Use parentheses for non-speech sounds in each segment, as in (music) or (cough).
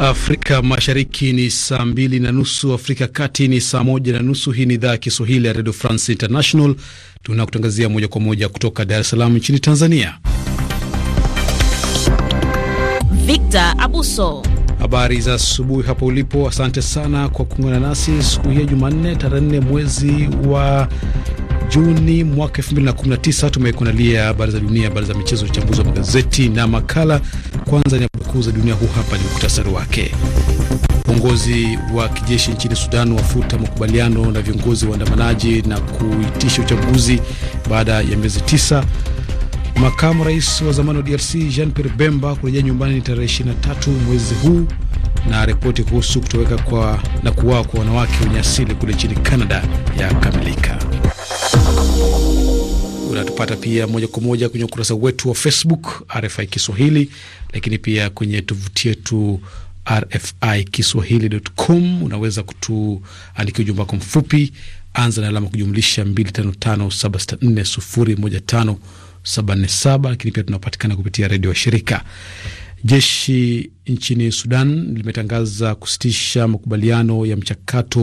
Afrika Mashariki ni saa mbili na nusu, Afrika Kati ni saa moja na nusu. Hii ni idhaa ya Kiswahili ya redio France International, tunakutangazia moja kwa moja kutoka Dar es Salaam nchini Tanzania. Victor Abuso, habari za asubuhi hapo ulipo. Asante sana kwa kuungana nasi siku hii ya Jumanne tarehe nne mwezi wa Juni mwaka 2019 tumekuandalia habari za dunia, habari za michezo, uchambuzi wa magazeti na makala. Kwanza ni habari kuu za dunia, huu hapa ni muktasari wake. uongozi wa kijeshi nchini Sudan wafuta makubaliano na viongozi waandamanaji na kuitisha uchaguzi baada ya miezi tisa. Makamu rais wa zamani wa DRC Jean Pierre Bemba kurejea nyumbani ni tarehe 23 mwezi huu, na ripoti kuhusu kutoweka kwa na kuwaa kwa wanawake wenye asili kule nchini Canada yakamilika. Unatupata pia moja kwa moja kwenye ukurasa wetu wa Facebook RFI Kiswahili, lakini pia kwenye tovuti yetu RFI Kiswahili.com unaweza kutuandikia ujumbe wako mfupi, anza na alama kujumlisha 255764015747. Lakini pia tunapatikana kupitia redio wa shirika. Jeshi nchini Sudan limetangaza kusitisha makubaliano ya mchakato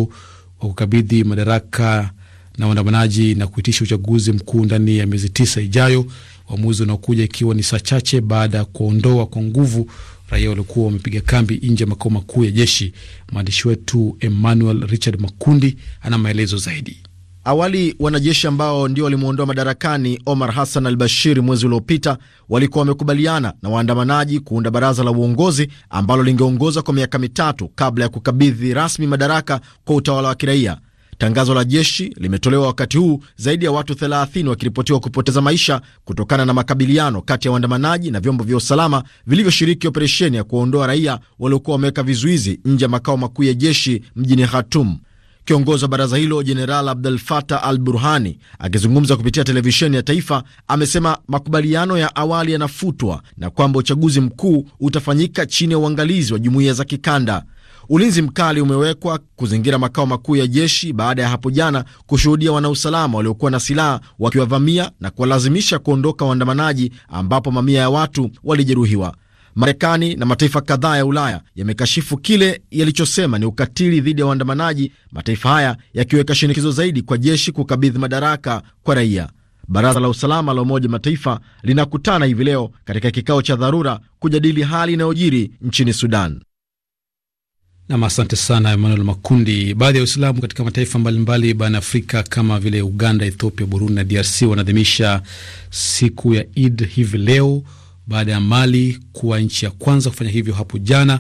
wa kukabidhi madaraka na waandamanaji na kuitisha uchaguzi mkuu ndani ya miezi tisa ijayo, uamuzi unaokuja ikiwa ni saa chache baada ya kuondoa kwa nguvu raia waliokuwa wamepiga kambi nje ya makao makuu ya jeshi. Mwandishi wetu Emmanuel Richard Makundi ana maelezo zaidi. Awali wanajeshi ambao ndio walimwondoa madarakani Omar Hassan al Bashir mwezi uliopita walikuwa wamekubaliana na waandamanaji kuunda baraza la uongozi ambalo lingeongoza kwa miaka mitatu kabla ya kukabidhi rasmi madaraka kwa utawala wa kiraia. Tangazo la jeshi limetolewa wakati huu zaidi ya watu 30 wakiripotiwa kupoteza maisha kutokana na makabiliano kati ya waandamanaji na vyombo vya usalama vilivyoshiriki operesheni ya kuwaondoa raia waliokuwa wameweka vizuizi nje ya makao makuu ya jeshi mjini Khartoum. Kiongozi wa baraza hilo Jeneral Abdel Fattah Al Burhani akizungumza kupitia televisheni ya taifa amesema makubaliano ya awali yanafutwa na kwamba uchaguzi mkuu utafanyika chini ya uangalizi wa jumuiya za kikanda. Ulinzi mkali umewekwa kuzingira makao makuu ya jeshi baada ya hapo jana kushuhudia wanausalama waliokuwa na silaha wakiwavamia na kuwalazimisha kuondoka waandamanaji, ambapo mamia ya watu walijeruhiwa. Marekani na mataifa kadhaa ya Ulaya yamekashifu kile yalichosema ni ukatili dhidi ya waandamanaji, mataifa haya yakiweka shinikizo zaidi kwa jeshi kukabidhi madaraka kwa raia. Baraza la usalama la Umoja Mataifa linakutana hivi leo katika kikao cha dharura kujadili hali inayojiri nchini Sudan. Nam, asante sana Emmanuel Makundi. Baadhi ya Waislamu katika mataifa mbalimbali barani Afrika kama vile Uganda, Ethiopia, Burundi na DRC wanaadhimisha siku ya Id hivi leo baada ya Mali kuwa nchi ya kwanza kufanya hivyo hapo jana.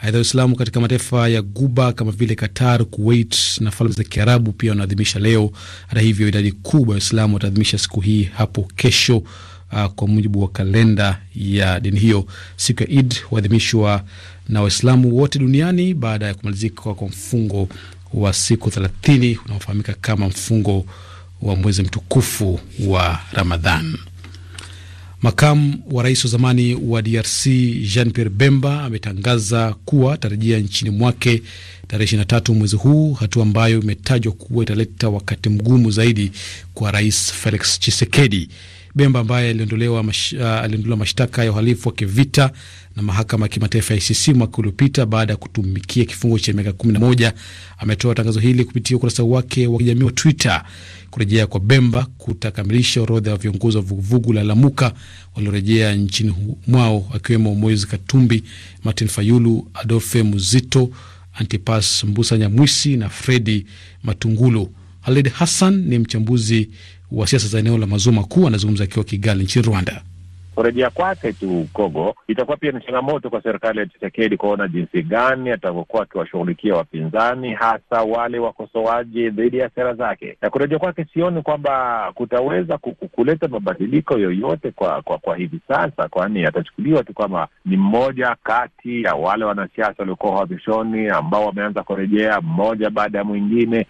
Aidha, Waislamu katika mataifa ya Guba kama vile Qatar, Kuwait na Falme za Kiarabu pia wanaadhimisha leo. Hata hivyo, idadi kubwa ya Waislamu wataadhimisha siku hii hapo kesho uh, kwa mujibu wa kalenda ya dini hiyo. Siku ya Id huadhimishwa na Waislamu wote duniani baada ya kumalizika kwa mfungo wa siku thelathini unaofahamika kama mfungo wa mwezi mtukufu wa Ramadhan. Makamu wa rais wa zamani wa DRC Jean Pierre Bemba ametangaza kuwa tarajia nchini mwake tarehe 23 mwezi huu, hatua ambayo imetajwa kuwa italeta wakati mgumu zaidi kwa Rais Felix Tshisekedi. Bemba ambaye aliondolewa mash, uh, mashtaka ya uhalifu wa kivita na mahakama ya kimataifa ya ICC mwaka uliopita baada ya kutumikia kifungo cha miaka 11 ametoa tangazo hili kupitia ukurasa wake wa kijamii wa Twitter. Kurejea kwa Bemba kutakamilisha orodha ya viongozi wa vuguvugu la Lamuka waliorejea nchini mwao akiwemo Moise Katumbi, Martin Fayulu, Adolfe Muzito, Antipas Mbusa Nyamwisi na Fredi Matungulu. Halid Hassan ni mchambuzi wa siasa za eneo la maziwa makuu anazungumza akiwa Kigali nchini Rwanda. Kurejea kwake tu Kongo itakuwa pia ni changamoto kwa serikali ya Tshisekedi kuona jinsi gani atakokuwa akiwashughulikia wapinzani, hasa wale wakosoaji dhidi ya sera zake. Na kurejea kwake, sioni kwamba kutaweza kuleta mabadiliko yoyote kwa kwa, kwa hivi sasa, kwani atachukuliwa tu kama ni mmoja kati ya wale wanasiasa waliokuwa uhamishoni ambao wameanza kurejea mmoja baada ya mwingine,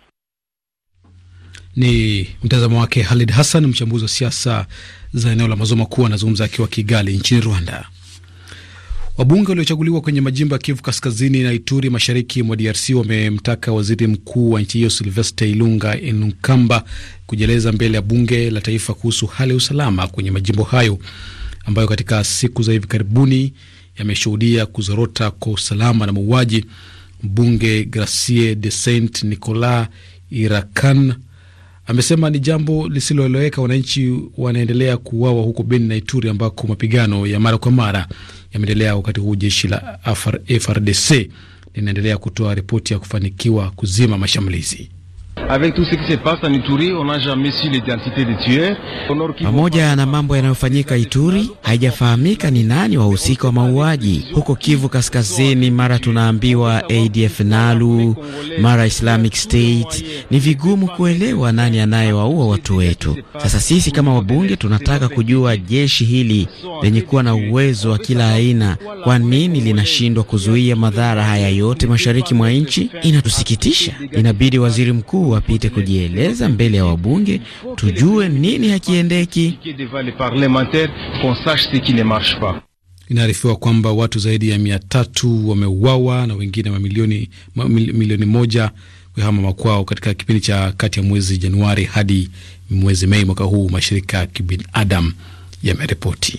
ni mtazamo wake Halid Hassan, mchambuzi wa siasa za eneo la maziwa makuu, anazungumza akiwa Kigali nchini Rwanda. Wabunge waliochaguliwa kwenye majimbo ya Kivu Kaskazini na Ituri, mashariki mwa DRC, wamemtaka waziri mkuu wa nchi hiyo Silvestre Ilunga Enunkamba kujieleza mbele ya bunge la taifa kuhusu hali ya usalama kwenye majimbo hayo ambayo katika siku za hivi karibuni yameshuhudia kuzorota kwa usalama na mauaji. Mbunge Gracie de Saint Nicolas Irakan amesema ni jambo lisiloeleweka. Wananchi wanaendelea kuuawa huko Beni na Ituri ambako mapigano ya mara kwa mara yameendelea, wakati huu jeshi la frdc linaendelea kutoa ripoti ya kufanikiwa kuzima mashambulizi. Avec tout ce qui se passe en Ituri, on n'a jamais su l'identité des tueurs. Pamoja na mambo yanayofanyika Ituri, haijafahamika ni nani wahusika wa mauaji huko Kivu Kaskazini. Mara tunaambiwa ADF NALU, mara Islamic State. Ni vigumu kuelewa nani anayewaua watu wetu. Sasa sisi kama wabunge tunataka kujua jeshi hili lenye kuwa na uwezo wa kila aina, kwa nini linashindwa kuzuia madhara haya yote mashariki mwa nchi? Inatusikitisha. Inabidi waziri mkuu wapite kujieleza mbele ya wabunge, tujue nini hakiendeki. Inaarifiwa kwamba watu zaidi ya mia tatu wameuawa na wengine mamilioni, milioni moja kuhama makwao katika kipindi cha kati ya mwezi Januari hadi mwezi Mei mwaka huu, mashirika ya kibinadamu yameripoti.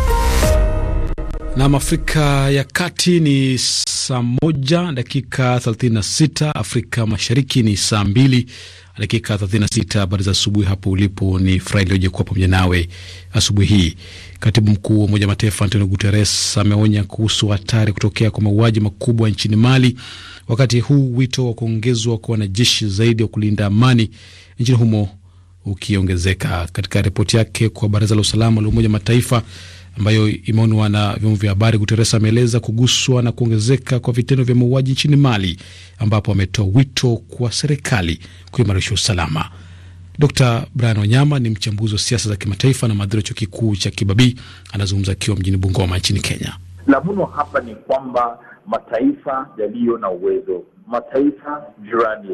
Nam Afrika ya Kati ni saa moja dakika 36, Afrika Mashariki ni saa mbili dakika 36. Habari za asubuhi hapo ulipo, ni furaha kuwa pamoja nawe asubuhi hii. Katibu mkuu wa Umoja Mataifa Antonio Guterres ameonya kuhusu hatari kutokea kwa mauaji makubwa nchini Mali, wakati huu wito wa kuongezwa kwa wanajeshi zaidi wa kulinda amani nchini humo ukiongezeka. Katika ripoti yake kwa Baraza la Usalama la Umoja Mataifa ambayo imeonwa na vyombo vya habari. guteres ameeleza kuguswa na kuongezeka kwa vitendo vya mauaji nchini Mali, ambapo ametoa wito kwa serikali kuimarisha usalama. Dr Brian Wanyama ni mchambuzi wa siasa za kimataifa na mhadhiri wa chuo kikuu cha Kibabii. Anazungumza akiwa mjini Bungoma nchini Kenya. La muno hapa ni kwamba mataifa yaliyo na uwezo mataifa jirani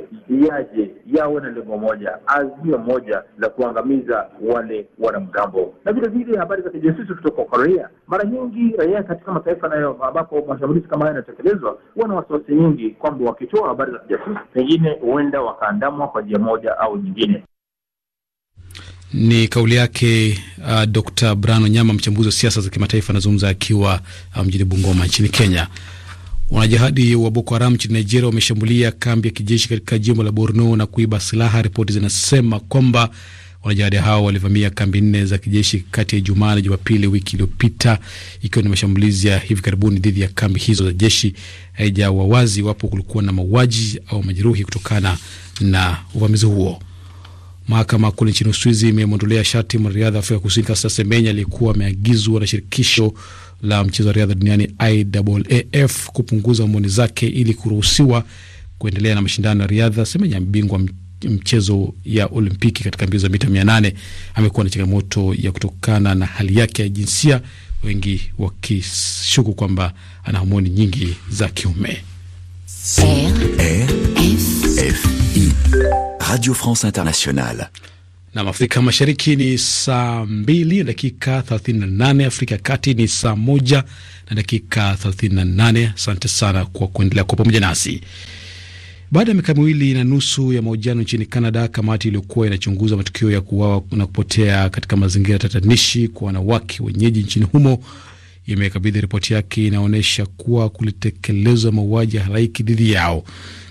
yaje yawe na lengo moja, azimio moja la kuangamiza wale wanamgambo. Na vile vile habari za kijasusi kutoka Korea, mara nyingi raia katika mataifa nayo ambapo mashambulizi kama haya yanatekelezwa, huwa na wasiwasi nyingi kwamba wakitoa habari za kijasusi, pengine huenda wakaandamwa kwa njia moja au nyingine. Ni kauli yake uh, Dr. Brano Nyama, mchambuzi wa siasa za kimataifa, anazungumza akiwa uh, mjini um, Bungoma nchini Kenya. Wanajihadi wa Boko Haram nchini Nigeria wameshambulia kambi ya kijeshi katika jimbo la Borno na kuiba silaha. Ripoti zinasema kwamba wanajihadi hao walivamia kambi nne za kijeshi kati ya Ijumaa na Jumapili wiki iliyopita, ikiwa ni mashambulizi ya hivi karibuni dhidi ya kambi hizo za jeshi. Haijawa wazi iwapo kulikuwa na mauaji au majeruhi kutokana na uvamizi huo. Mahakama kule nchini Uswizi imemwondolea sharti mwanariadha Afrika Kusini Caster Semenya aliyekuwa ameagizwa na shirikisho la mchezo wa riadha duniani IAAF kupunguza homoni zake ili kuruhusiwa kuendelea na mashindano ya riadha. Semenya mbingwa mchezo ya Olimpiki katika mbio za mita mia nane amekuwa na changamoto ya kutokana na hali yake ya jinsia, wengi wakishuku kwamba ana homoni nyingi za kiume. Radio France Internationale na Afrika Mashariki ni saa 2 na dakika 38, Afrika ya Kati ni saa moja na dakika 38. Asante sana kwa kuendelea kwa pamoja nasi. Baada ya miaka miwili na nusu ya mahojiano nchini Canada, kamati iliyokuwa inachunguza matukio ya kuuawa na kupotea katika mazingira tatanishi kwa wanawake wenyeji nchini humo imekabidhi ripoti yake inaonyesha kuwa kulitekelezwa mauaji ya halaiki dhidi yao.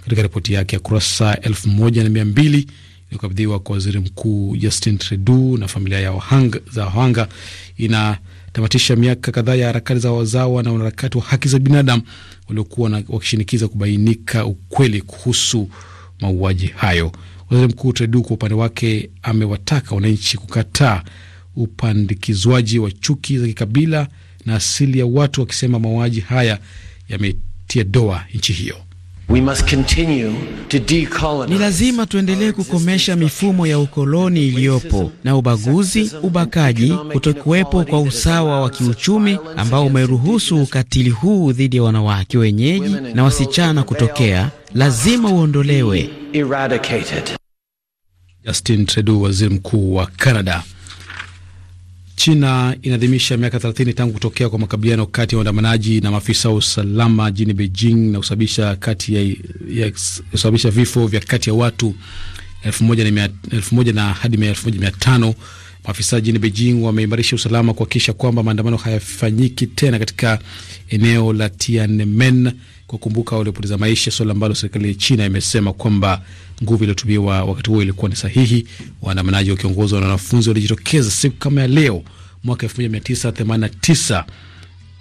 Katika ripoti yake ya kurasa elfu moja na mia mbili iliyokabidhiwa kwa waziri mkuu Justin Trudeau na familia ya wahanga, za wahanga inatamatisha miaka kadhaa ya harakati za wazawa na wanaharakati wa haki za binadamu waliokuwa wakishinikiza kubainika ukweli kuhusu mauaji hayo. Waziri Mkuu Trudeau kwa upande wake amewataka wananchi kukataa upandikizwaji wa chuki za kikabila na asili ya watu, wakisema mauaji haya yametia doa nchi hiyo. We must continue to decolonize. Ni lazima tuendelee kukomesha mifumo ya ukoloni iliyopo na ubaguzi, ubakaji, kutokuwepo kwa usawa wa kiuchumi ambao umeruhusu ukatili huu dhidi ya wanawake wenyeji na wasichana kutokea, lazima uondolewe. Justin Trudeau, waziri mkuu wa Canada. China inaadhimisha miaka 30 tangu kutokea kwa makabiliano kati ya waandamanaji na maafisa wa usalama jijini Beijing na kusababisha kati ya, ya kusababisha vifo vya kati ya watu elfu moja na, elfu moja na hadi elfu moja mia tano. Maafisa jijini Beijing wameimarisha usalama kuhakikisha kwamba maandamano hayafanyiki tena katika eneo la Tiananmen kukumbuka waliopoteza maisha, suala ambalo serikali ya China imesema kwamba nguvu iliyotumiwa wakati huo ilikuwa ni sahihi. Waandamanaji wakiongozwa na wanafunzi walijitokeza siku kama ya leo mwaka 1989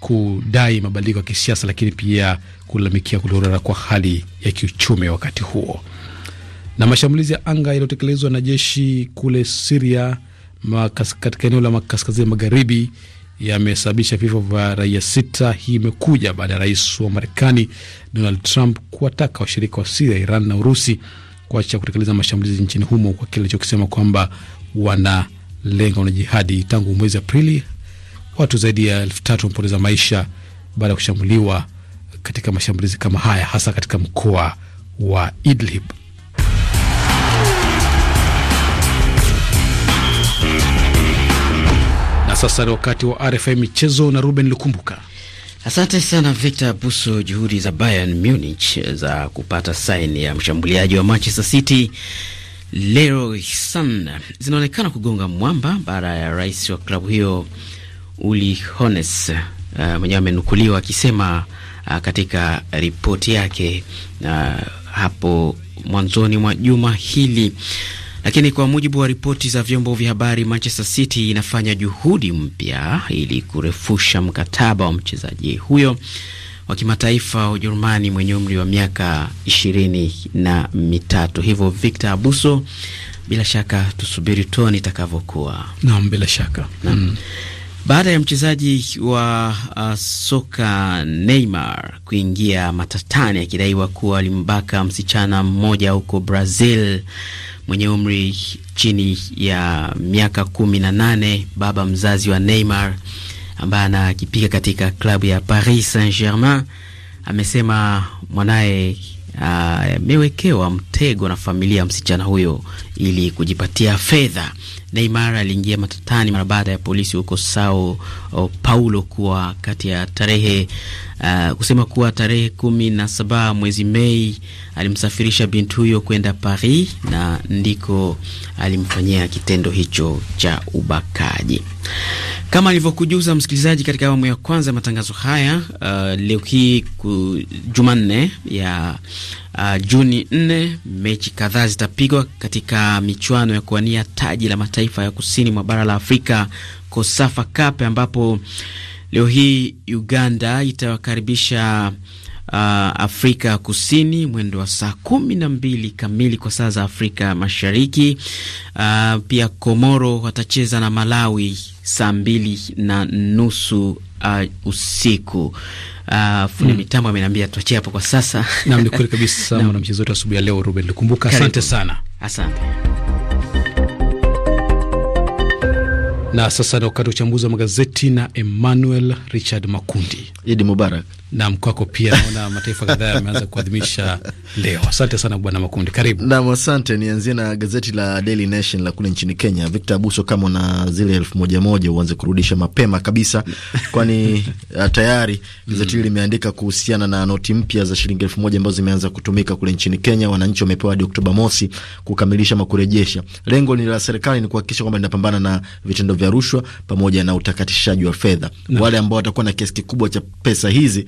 kudai mabadiliko ya kisiasa, lakini pia kulalamikia kudorora kwa hali ya kiuchumi wakati huo. Na mashambulizi ya anga yaliyotekelezwa na jeshi kule Siria katika eneo la kaskazini magharibi yamesababisha vifo vya raia sita. Hii imekuja baada ya rais wa Marekani Donald Trump kuwataka washirika wa Siria, Iran na Urusi kuacha kutekeleza mashambulizi nchini humo kwa kile alichokisema kwamba wanalenga wanajihadi. Tangu mwezi Aprili, watu zaidi ya elfu tatu wamepoteza maisha baada ya kushambuliwa katika mashambulizi kama haya, hasa katika mkoa wa Idlib. Na sasa ni wakati wa RFI michezo na Ruben Lukumbuka. Asante sana Victor Buso. Juhudi za Bayern Munich za kupata saini ya mshambuliaji wa Manchester City Leroy Sane zinaonekana kugonga mwamba baada ya rais wa klabu hiyo Uli Hones uh, eh, mwenyewe amenukuliwa akisema uh, katika ripoti yake uh, hapo mwanzoni mwa juma hili lakini kwa mujibu wa ripoti za vyombo vya habari, Manchester City inafanya juhudi mpya ili kurefusha mkataba wa mchezaji huyo wa kimataifa wa Ujerumani mwenye umri wa miaka ishirini na mitatu. Hivyo Victor Abuso, bila shaka tusubiri tuone itakavyokuwa. Naam, bila shaka naam. Mm. Baada ya mchezaji wa uh, soka Neymar kuingia matatani akidaiwa kuwa alimbaka msichana mmoja huko Brazil mwenye umri chini ya miaka kumi na nane, baba mzazi wa Neymar ambaye anakipiga katika klabu ya Paris Saint-Germain amesema mwanaye ah, amewekewa mtego na familia ya msichana huyo ili kujipatia fedha. Neymar aliingia matatani mara baada ya polisi huko Sao oh, Paulo kuwa kati ya tarehe uh, kusema kuwa tarehe kumi na saba mwezi Mei alimsafirisha binti huyo kwenda Paris na ndiko alimfanyia kitendo hicho cha ubakaji. Kama nilivyokujuza msikilizaji, katika awamu ya kwanza ya matangazo haya uh, leo hii Jumanne ya uh, Juni 4 mechi kadhaa zitapigwa katika michuano ya kuwania taji la mataifa ya kusini mwa bara la Afrika, Kosafa Cup, ambapo leo hii Uganda itawakaribisha uh, Afrika Kusini mwendo wa saa kumi na mbili kamili kwa saa za Afrika Mashariki. Uh, pia Komoro watacheza na Malawi saa mbili na nusu Uh, usiku uh, fundi mm. mitambo ameniambia tuachie hapo kwa sasa. Naam, ni kweli kabisa. (laughs) Mwanamchezo wetu asubuhi ya leo Ruben Likumbuka, asante sana, asante. Na sasa ni wakati wa uchambuzi wa magazeti na Emmanuel Richard Makundi. Idi Mubarak. Nam kwako pia naona mataifa kadhaa yameanza kuadhimisha leo. Asante sana bwana Makundi, karibu nam. Asante, nianzie na gazeti la Daily Nation la kule nchini Kenya. Victor Abuso, kama na zile elfu moja moja uanze kurudisha mapema kabisa, (laughs) kwani ah, tayari gazeti hili mm. limeandika kuhusiana na noti mpya za shilingi elfu moja ambazo zimeanza kutumika kule nchini Kenya. Wananchi wamepewa hadi Oktoba mosi kukamilisha makurejesha. Lengo ni la serikali ni kuhakikisha kwamba linapambana na vitendo vya rushwa pamoja na utakatishaji wa fedha. Wale ambao watakuwa na kiasi kikubwa cha pesa hizi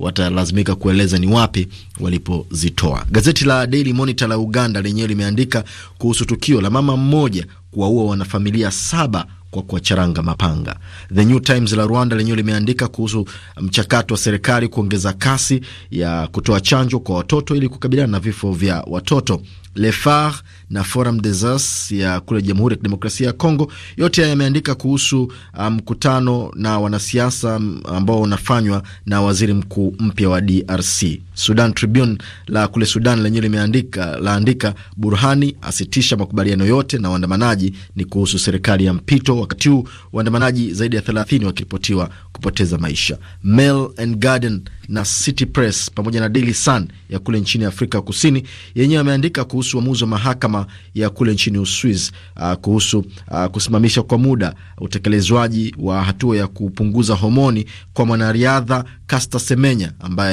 watalazimika kueleza ni wapi walipozitoa. Gazeti la Daily Monitor la Uganda lenyewe limeandika kuhusu tukio la mama mmoja kuwaua wanafamilia saba kwa kuwacharanga mapanga. The New Times la Rwanda lenyewe limeandika kuhusu mchakato wa serikali kuongeza kasi ya kutoa chanjo kwa watoto ili kukabiliana na vifo vya watoto. Le Phare na Forum des As ya kule Jamhuri ya Kidemokrasia ya Kongo. Yote yameandika kuhusu ah, mkutano um, na wanasiasa ambao unafanywa na waziri mkuu mpya wa DRC. Sudan Tribune la kule Sudan lenyewe limeandika laandika, Burhani asitisha makubaliano yote na waandamanaji, ni kuhusu serikali ya mpito, wakati huu waandamanaji zaidi ya 30 wakiripotiwa kupoteza maisha. Mail and Garden na City Press pamoja na Daily Sun ya kule nchini Afrika Kusini yenyewe yameandika kuhusu uamuzi wa mahakama mahakama ya kule nchini Uswiz uh, kuhusu uh, kusimamisha kwa muda utekelezwaji wa hatua ya kupunguza homoni kwa mwanariadha Kasta Semenya ambaye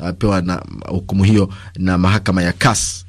alipewa uh, na hukumu hiyo na mahakama ya Kas.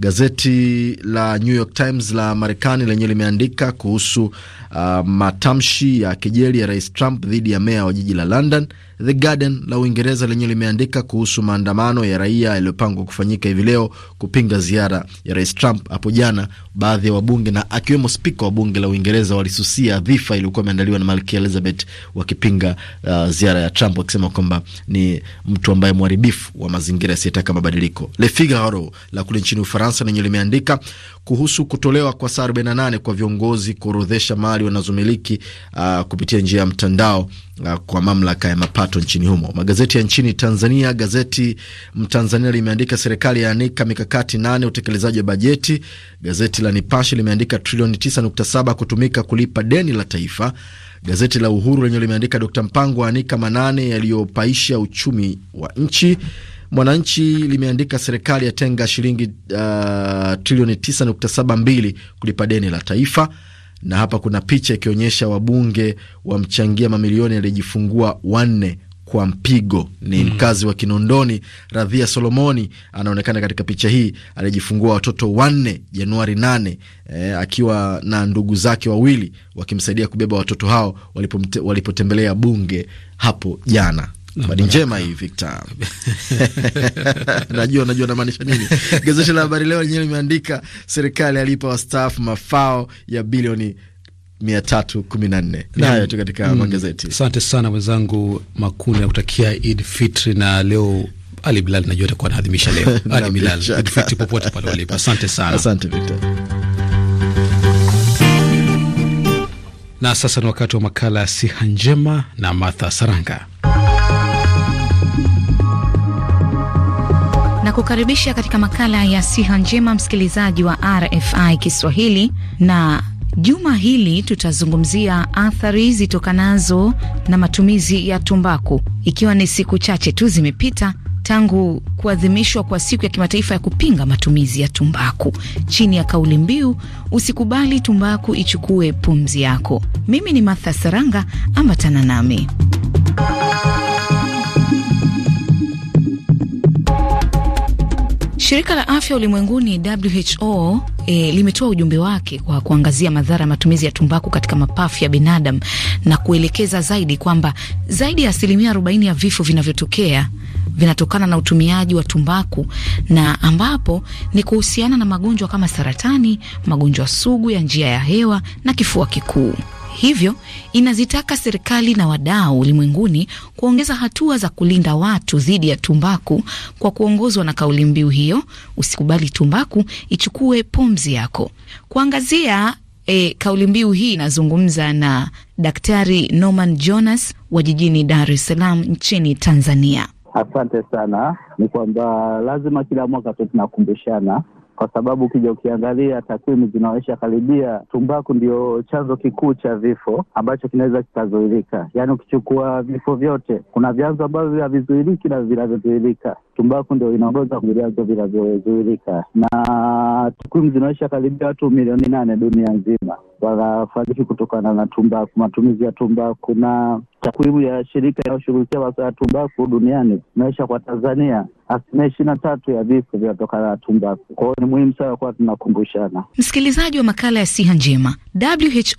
Gazeti la New York Times la Marekani lenyewe limeandika kuhusu uh, matamshi ya kejeli ya Rais Trump dhidi ya meya wa jiji la London The Guardian la Uingereza lenyewe limeandika kuhusu maandamano ya raia yaliyopangwa kufanyika hivi leo kupinga ziara ya Rais Trump hapo jana. Baadhi ya wabunge na akiwemo spika wa bunge la Uingereza walisusia dhifa iliyokuwa imeandaliwa na Malkia Elizabeth wakipinga uh, ziara ya Trump wakisema kwamba ni mtu ambaye mharibifu wa mazingira asiyetaka mabadiliko. Le Figaro la kule nchini Ufaransa lenyewe limeandika kuhusu kutolewa kwa saa 48 kwa viongozi kuorodhesha mali wanazomiliki uh, kupitia njia ya mtandao kwa mamlaka ya mapato nchini humo. Magazeti ya nchini Tanzania, gazeti Mtanzania limeandika serikali yaanika mikakati nane utekelezaji wa bajeti. Gazeti la Nipashe limeandika trilioni 9.7 kutumika kulipa deni la taifa. Gazeti la Uhuru lenyewe limeandika d Mpango aanika manane yaliyopaisha uchumi wa nchi. Mwananchi limeandika serikali yatenga shilingi uh, trilioni 9.72 kulipa deni la taifa na hapa kuna picha ikionyesha wabunge wamchangia mamilioni aliyejifungua wanne kwa mpigo. Ni mm-hmm. mkazi wa Kinondoni, Radhia Solomoni anaonekana katika picha hii, alijifungua watoto wanne Januari nane eh, akiwa na ndugu zake wawili wakimsaidia kubeba watoto hao walipotembelea bunge hapo jana. Habari njema hii Victor. (laughs) Najua najua namaanisha nini. Gazeti la Habari Leo lenyewe limeandika serikali alipa wastaafu mafao ya bilioni 314. Nayo tu katika mm. magazeti. Asante sana mwenzangu Makuni, nakutakia Eid Fitri na leo Ali Bilal najua atakuwa anaadhimisha leo. (laughs) Ali Bilal, Eid Fitri popote pale walipo. Asante sana. Asante Victor. Na sasa ni wakati wa makala ya Siha Njema na Martha Saranga. kukaribisha katika makala ya siha njema, msikilizaji wa RFI Kiswahili, na juma hili tutazungumzia athari zitokanazo na matumizi ya tumbaku, ikiwa ni siku chache tu zimepita tangu kuadhimishwa kwa siku ya kimataifa ya kupinga matumizi ya tumbaku chini ya kauli mbiu usikubali tumbaku ichukue pumzi yako. Mimi ni Martha Saranga, ambatana nami Shirika la afya ulimwenguni WHO e, limetoa ujumbe wake kwa kuangazia madhara ya matumizi ya tumbaku katika mapafu ya binadamu na kuelekeza zaidi kwamba zaidi ya asilimia 40 ya vifo vinavyotokea vinatokana na utumiaji wa tumbaku na ambapo ni kuhusiana na magonjwa kama saratani, magonjwa sugu ya njia ya hewa na kifua kikuu. Hivyo inazitaka serikali na wadau ulimwenguni kuongeza hatua za kulinda watu dhidi ya tumbaku kwa kuongozwa na kauli mbiu hiyo, usikubali tumbaku ichukue pumzi yako. Kuangazia e, kauli mbiu hii inazungumza na Daktari Norman Jonas wa jijini Dar es Salaam nchini Tanzania. Asante sana. Ni kwamba lazima kila mwaka tu tunakumbushana kwa sababu ukija ukiangalia takwimu zinaonyesha karibia tumbaku ndio chanzo kikuu cha vifo ambacho kinaweza kikazuilika. Yaani ukichukua vifo vyote, kuna vyanzo ambavyo havizuiliki na vinavyozuilika. Tumbaku ndio inaongoza kwenye vyanzo vinavyozuilika, na takwimu zinaonyesha karibia watu milioni nane dunia nzima wanafariki kutokana na tumbaku, matumizi ya tumbaku. Na takwimu ya shirika inayoshughulikia masuala ya tumbaku duniani inaonyesha kwa Tanzania asilimia ishirini na tatu ya vifo vinatokana na tumbaku. Kwa hiyo ni muhimu sana kuwa tunakumbushana. Msikilizaji wa makala ya siha njema,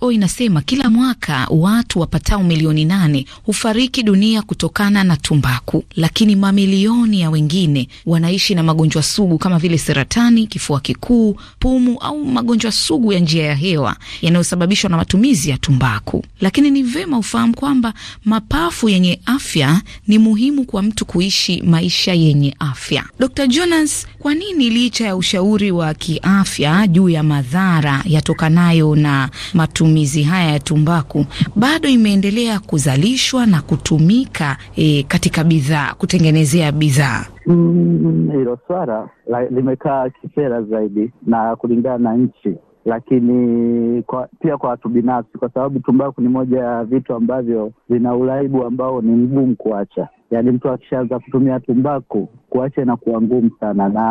WHO inasema kila mwaka watu wapatao milioni nane hufariki dunia kutokana na tumbaku, lakini mamilioni ya wengine wanaishi na magonjwa sugu kama vile saratani, kifua kikuu, pumu au magonjwa sugu ya njia ya hewa yanayosababishwa na matumizi ya tumbaku. Lakini ni vema ufahamu kwamba mapafu yenye afya ni muhimu kwa mtu kuishi maisha yenye afya. Dr. Jonas, kwa nini licha ya ushauri wa kiafya juu ya madhara yatokanayo na matumizi haya ya tumbaku bado imeendelea kuzalishwa na kutumika e, katika bidhaa kutengenezea bidhaa? Mm, hilo swala limekaa kisera zaidi na kulingana na nchi lakini kwa, pia kwa watu binafsi, kwa sababu tumbaku ni moja ya vitu ambavyo vina uraibu ambao ni mgumu kuacha yaani mtu akishaanza kutumia tumbako kuacha inakuwa ngumu sana, na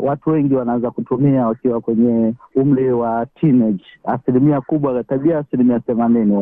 watu wengi wanaanza kutumia wakiwa kwenye umri wa teenage. Asilimia kubwa tabia asilimia themanini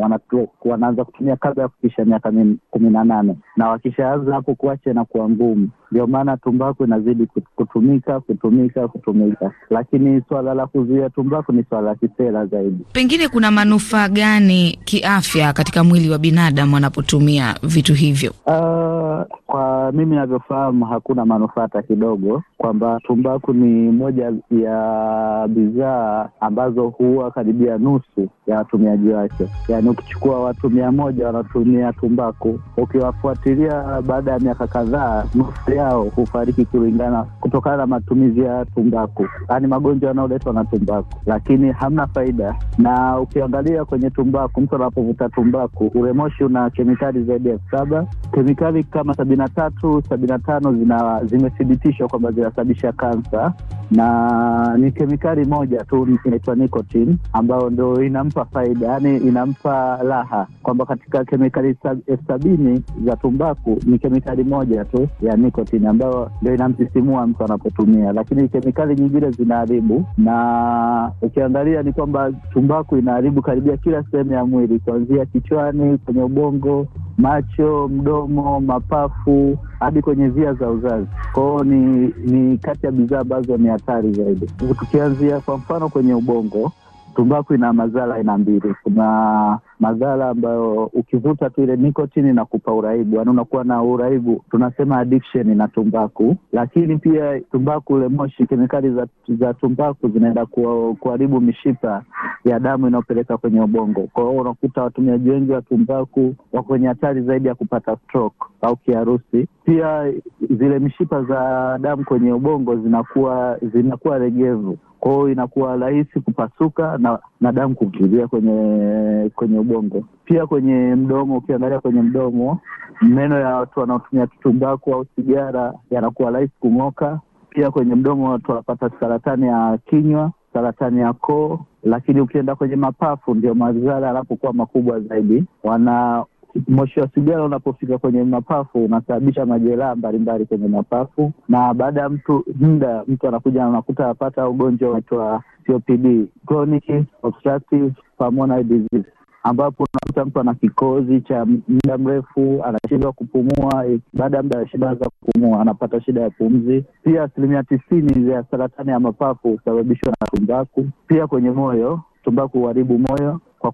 wanaanza kutumia kabla ya kufikisha miaka kumi na nane, na wakishaanza hapo kuacha inakuwa ngumu. Ndio maana tumbako inazidi kutumika kutumika kutumika, lakini swala la kuzuia tumbako ni swala la kisera zaidi. Pengine kuna manufaa gani kiafya katika mwili wa binadamu anapotumia vitu hivyo? Uh, kwa mimi navyofahamu hakuna manufaa hata kidogo, kwamba tumbaku ni moja ya bidhaa ambazo huwa karibia nusu ya watumiaji wake. Yaani ukichukua watu mia moja wanatumia tumbaku, ukiwafuatilia baada ya miaka kadhaa, nusu yao hufariki kulingana kutokana na matumizi ya tumbaku, yaani magonjwa yanayoletwa na tumbaku. Lakini hamna faida, na ukiangalia kwenye tumbaku, mtu anapovuta tumbaku, ule moshi una kemikali zaidi ya elfu saba kemikali kama kama sabini na tatu sabini na tano zimethibitishwa kwamba zinasababisha kansa, na ni kemikali moja tu inaitwa nicotine, ambayo ndo inampa faida, yani inampa raha, kwamba katika kemikali elfu eh, sabini za tumbaku ni kemikali moja tu ya nicotine ambayo ndo inamsisimua mtu anapotumia, lakini kemikali nyingine zinaharibu, na ukiangalia ni kwamba tumbaku inaharibu karibia kila sehemu ya mwili, kuanzia kichwani, kwenye ubongo, macho, mdomo, mapa mapafu hadi kwenye via za uzazi. Kwao ni, ni kati ya bidhaa ambazo ni hatari zaidi. Tukianzia kwa mfano kwenye ubongo, tumbaku ina madhara aina mbili. Kuna madhara ambayo ukivuta tu ile nikotini kupa urahibu yaani unakuwa na urahibu tunasema addiction na tumbaku. Lakini pia tumbaku, ule moshi, kemikali za za tumbaku zinaenda kuharibu mishipa ya damu inayopeleka kwenye ubongo. Kwa hiyo unakuta watumiaji wengi wa tumbaku wako kwenye hatari zaidi ya kupata stroke au kiharusi. Pia zile mishipa za damu kwenye ubongo zinakuwa zinakuwa regevu, kwa hiyo inakuwa rahisi kupasuka na, na damu kuingilia kwenye kwenye ubongo. Pia kwenye mdomo, ukiangalia kwenye mdomo, meno ya watu wanaotumia tumbaku au sigara yanakuwa rahisi kung'oka. Pia kwenye mdomo watu wanapata saratani ya kinywa, saratani ya koo. Lakini ukienda kwenye mapafu, ndio madhara yanapokuwa makubwa zaidi. wana moshi wa sigara unapofika kwenye mapafu unasababisha majeraha mbalimbali kwenye mapafu, na baada ya mtu muda mtu anakuja anakuta apata ugonjwa unaitwa COPD, chronic obstructive pulmonary disease ambapo unakuta mtu ana kikozi cha muda mrefu, anashindwa kupumua. Baada ya muda shida za kupumua, anapata shida ya pumzi. Pia asilimia tisini ya saratani ya mapafu husababishwa na tumbaku. Pia kwenye moyo, tumbaku huharibu moyo kwa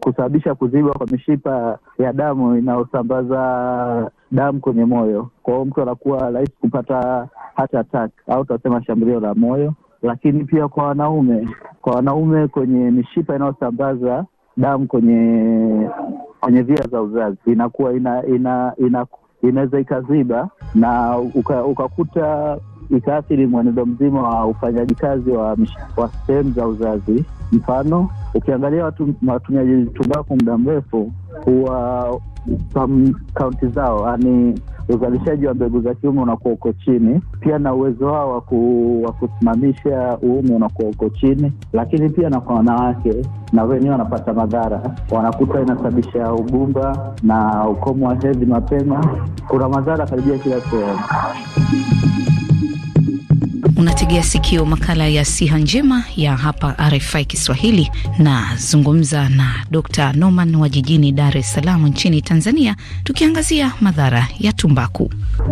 kusababisha kuziba kwa mishipa ya damu inayosambaza damu kwenye moyo. Kwa hiyo mtu anakuwa rahisi kupata heart attack au tunasema shambulio la moyo. Lakini pia kwa wanaume, kwa wanaume kwenye mishipa inayosambaza damu kwenye kwenye via za uzazi inakuwa ina, ina, ina, inaweza ikaziba na ukakuta uka ikaathiri mwenendo mzima wa ufanyaji kazi wa, wa sehemu za uzazi. Mfano, ukiangalia watu watumiaji tumbaku muda mrefu huwa kaunti zao, yaani uzalishaji wa mbegu za kiume unakuwa uko chini, pia na uwezo wao waku, wa kusimamisha uume unakuwa uko chini, lakini pia na kwa wanawake na wenyewe wanapata madhara, wanakuta inasababisha ugumba na ukomo wa hedhi mapema. Kuna madhara karibia kila sehemu. Unategea sikio makala ya siha njema ya hapa RFI Kiswahili. Nazungumza na Dr Norman wa jijini Dar es Salaam nchini Tanzania, tukiangazia madhara ya tumbaku.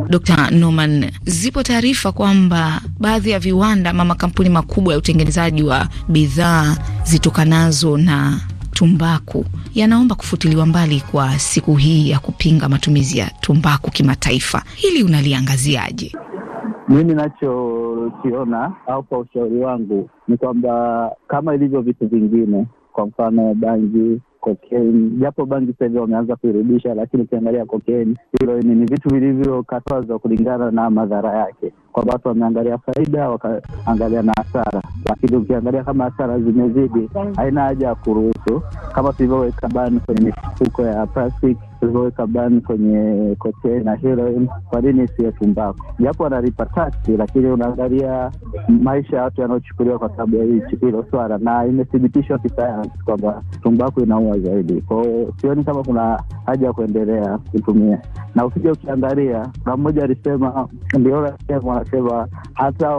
Dr Norman, zipo taarifa kwamba baadhi ya viwanda ama makampuni makubwa ya utengenezaji wa bidhaa zitokanazo na tumbaku yanaomba kufutiliwa mbali kwa siku hii ya kupinga matumizi ya tumbaku kimataifa. Hili unaliangaziaje? Mimi nachokiona au kwa ushauri wangu ni kwamba kama ilivyo vitu vingine, kwa mfano bangi kokeini japo bangi sahivi wameanza kuirudisha, lakini ukiangalia kokeini, hilo ni vitu vilivyokatazwa kulingana na madhara yake, kwamba watu wameangalia faida wakaangalia na hasara. Lakini ukiangalia kama hasara zimezidi, haina haja ya kuruhusu, kama tulivyoweka bani kwenye mifuko ya plastiki tulivyoweka ban kwenye kokaini na heroin, kwa nini sio tumbaku? Japo wanalipa taksi, lakini unaangalia maisha ya watu yanayochukuliwa kwa sababu ya hichi hilo swala, na imethibitishwa kisayansi kwamba tumbaku inaua zaidi. Kwao sioni kama kuna haja ya kuendelea kutumia, na ukija ukiangalia, kuna mmoja alisema, Ndiola anasema hata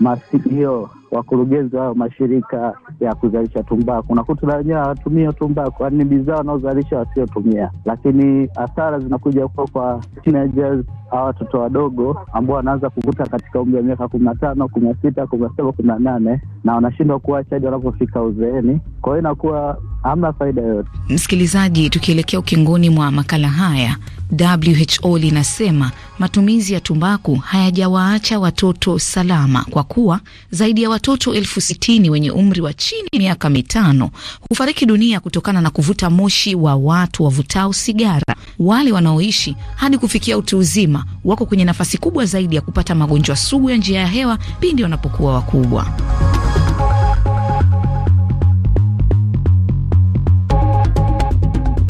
masikio wakurugenzi wao mashirika ya kuzalisha tumbaku. Unakuta wenyewe hawatumia tumbaku, yaani bidhaa wanaozalisha wasiotumia, lakini hasara zinakuja kuwa kwa teenagers au watoto wadogo ambao wanaanza kuvuta katika umri wa miaka kumi na tano, kumi na sita, kumi na saba, kumi na nane na wanashindwa kuacha hadi wanapofika uzeeni. Kwa hiyo inakuwa hamna faida yoyote. Msikilizaji, tukielekea ukingoni mwa makala haya WHO linasema matumizi ya tumbaku hayajawaacha watoto salama kwa kuwa zaidi ya watoto elfu sitini wenye umri wa chini miaka mitano hufariki dunia kutokana na kuvuta moshi wa watu wavutao sigara. Wale wanaoishi hadi kufikia utu uzima wako kwenye nafasi kubwa zaidi ya kupata magonjwa sugu ya njia ya hewa pindi wanapokuwa wakubwa.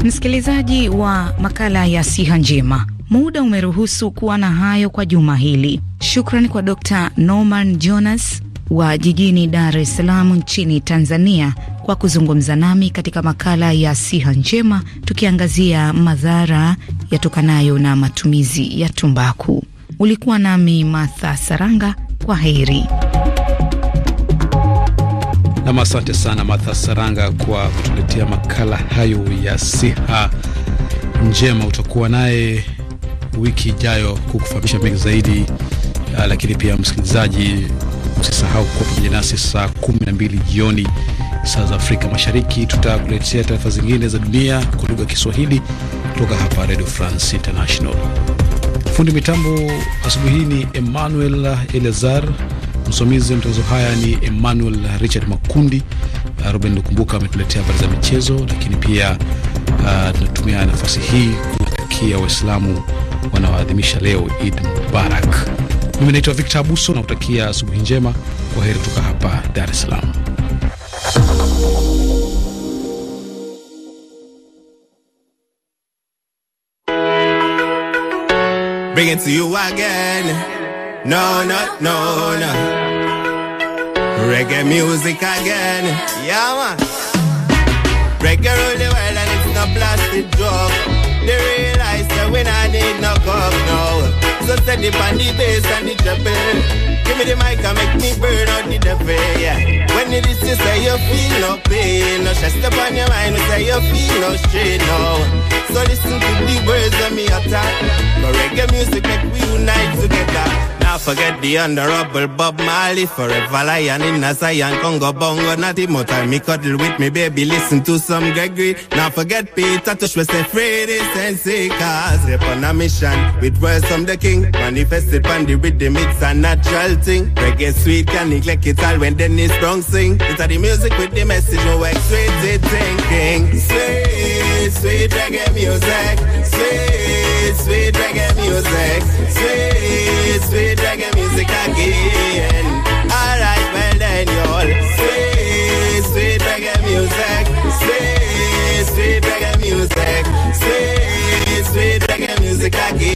Msikilizaji wa makala ya siha njema, muda umeruhusu kuwa na hayo kwa juma hili. Shukrani kwa Dr. Norman Jonas wa jijini Dar es Salaam nchini Tanzania kwa kuzungumza nami katika makala ya siha njema, tukiangazia madhara yatokanayo na matumizi ya tumbaku. Ulikuwa nami Martha Saranga, kwa heri. Nam, asante sana Martha Saranga kwa kutuletea makala hayo ya siha njema. Utakuwa naye wiki ijayo kukufahamisha mengi zaidi. Uh, lakini pia msikilizaji, usisahau kuwa pamoja nasi saa kumi na mbili jioni saa za Afrika Mashariki. Tutakuletea taarifa zingine za dunia kwa lugha ya Kiswahili kutoka hapa Radio France International. Fundi mitambo asubuhi hii ni Emmanuel Elazar. Msimamizi wa matangazo haya ni Emmanuel Richard Makundi. Uh, Ruben Lukumbuka ametuletea habari za michezo, lakini pia uh, tunatumia nafasi hii kuwatakia Waislamu wanaoadhimisha leo Eid Mubarak. Mimi naitwa Victor Abuso na kutakia asubuhi njema. Kwa heri kutoka hapa Dar es Salaam. Bring it to you again. No, no, no, no. Reggae music again. Yeah, man. Reggae rule the world and it's no plastic drug. They realize that we not need no cup now. So send it on the bass and the treble. Give me the mic and make me burn out the devil, yeah. When it is, you say you feel no pain, no stress upon your mind, you say you feel no strain, no. So listen to the words of me attack. No reggae music make we unite together forget the honorable Bob Marley Forever lion in a Zion Congo Bongo Natty more time me cuddle with me baby Listen to some Gregory Now forget Peter to Tush say Freddy Sensei Cause they're on a mission With words from the king Manifested on the rhythm It's a natural thing Reggae sweet can neglect it all When Dennis Strong sing It's the music with the message No X-rated thinking Sweet, sweet reggae music Sweet, sweet reggae music Sweet, sweet reggae music again. Alright, well then y'all. Sweet, sweet reggae music. Sweet, sweet reggae music. Sweet, sweet reggae music again.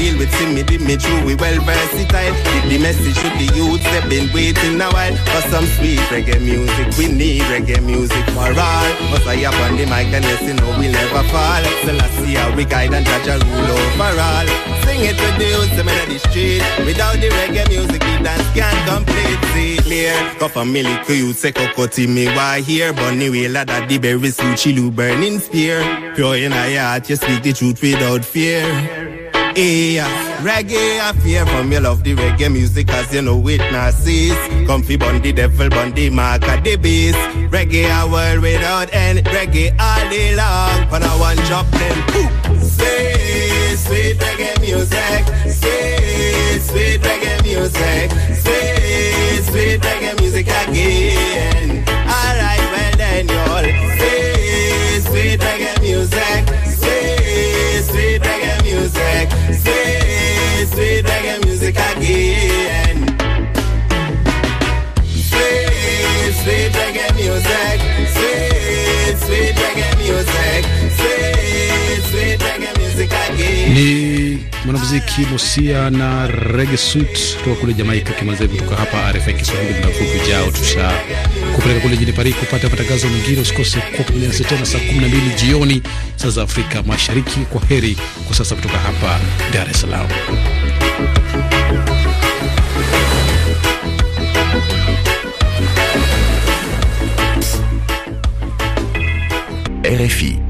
deal with Timmy, did true, we well versatile. Give the message to the youth they've been waiting a while for some sweet reggae music. We need reggae music for all. But I up on the mic and listen, know we never fall. So let's see how we guide and judge a rule over all. Sing it to the youths, the melody street. Without the reggae music, the dance can't complete. See clear, go for milk, you say cocoa me why here. Bunny wheeler that the berry suit, she burning spear. Pure in our heart, you speak the truth without fear. Yeah, eh, reggae I fear from you love the reggae music cause you know witnesses. Comfy Bundy devil Bundy the mark of the beast. Reggae a world without end, reggae all day long. When I want drop them, say sweet reggae music, say sweet reggae music, say sweet reggae music again. muziki Musia na Reggae Suit kutoka kule Jamaika. Kimaliza hivi kutoka hapa RFI Kiswahili, muda mfupi ujao tusha kupeleka kule jini Paris kupata matangazo mengine. Usikose kuwa pamoja nasi tena saa 12 jioni saa za Afrika Mashariki. Kwa heri kwa sasa kutoka hapa Dar es Salaam. RFI